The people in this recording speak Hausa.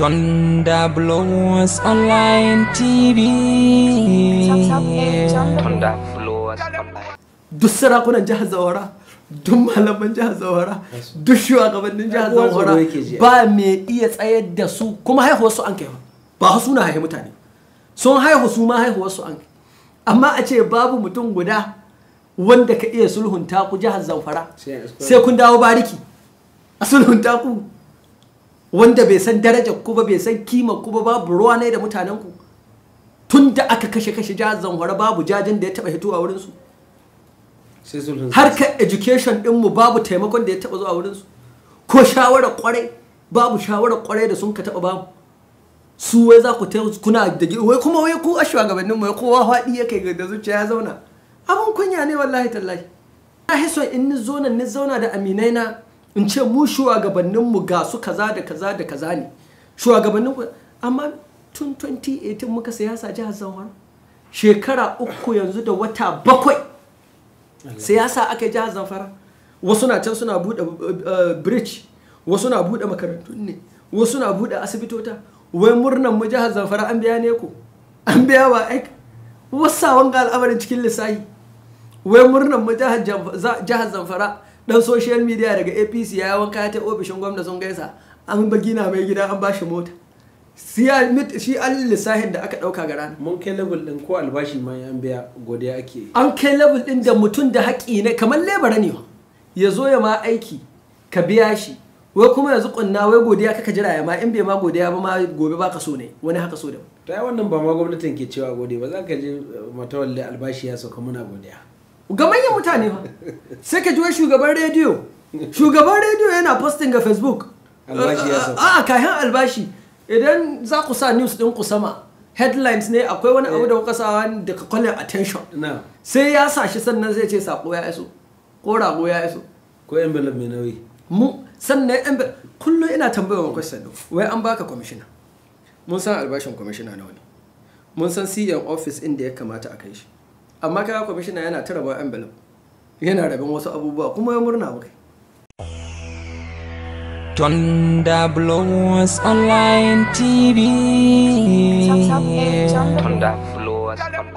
Thunder Blowers Online TV. Thunder Blowers Online. Duk sarakunan jihar Zawara, duk malaman jihar Zawara, duk shugabannin jihar Zawara ba me iya tsayar da su kuma haihuwar su an kai ba su na haihu mutane. Sun haihu su ma haihuwar su an kai. Amma a ce babu mutum guda wanda ka iya sulhunta ku jihar Zamfara sai kun dawo bariki a sulhunta ku wanda bai san daraja ku ba bai san kima ku ba babu ruwa ne da mutanen ku tun da aka kashe kashe jihar Zamfara babu jajin da ya taba a wurin su harkar education din mu babu taimakon da ya taba zuwa wurin su ko shawarar kwarai babu shawarar kwarai da sun ka taba babu su wai za ku kuna da wai kuma wai ku a shugabannin mu kowa faɗi yake da zuciya ya zauna abin kunya ne wallahi tallahi na hiso in ni zo nan ni zauna da aminai na in ce mu shugabanninmu ga su kaza da kaza da kaza ne shugabannin amma tun 2018 muka siyasa jihar zamfara shekara uku yanzu da wata bakwai siyasa aka yi jihar zamfara wasu na can suna bude eh, eh, bridge wasu na bude makarantu ne wasu na bude asibitota wai murnan mu jihar zamfara an biya ne ku? an biya wa aik wasu al'amarin cikin lissahi wai murnan mu jihar zamfara dan social media daga apc ya wanka ta ofishin gwamna sun gaisa an na mai gida an bashi mota shi an lissahin da aka dauka ga rana mun kai level din ko albashi ma an biya godiya ake an kai level din da mutum da haƙi ne kamar lebara ne ya zo ya ma aiki ka biya shi wai kuma yanzu kunna wai godiya kaka jira ya ma in bai ma godiya ba ma gobe ba ka so ne wani haka so da ta wannan ba ma gwamnatin ke cewa gode ba za ka je eh, matawalle albashi ya sauka muna godiya ga manyan mutane ba sai ka ji wai shugaban rediyo shugaban rediyo yana posting ga facebook a kayan albashi idan za ku sa news din ku sama headlines ne akwai wani abu da kuka sa da ka kwallon attention sai ya sa shi sannan zai ce sako ya iso ko rago ya iso ko envelope mai nauyi mu sannan envelope kullum ina tambayar wa question din wai an baka commissioner mun san albashin commissioner na wani mun san CEO office inda ya kamata a kai shi amma kaga kwamishina yana tara ba envelope yana rabin wasu abubuwa kuma ya murna wuri Thunder Blows Online TV. Thunder Blows Online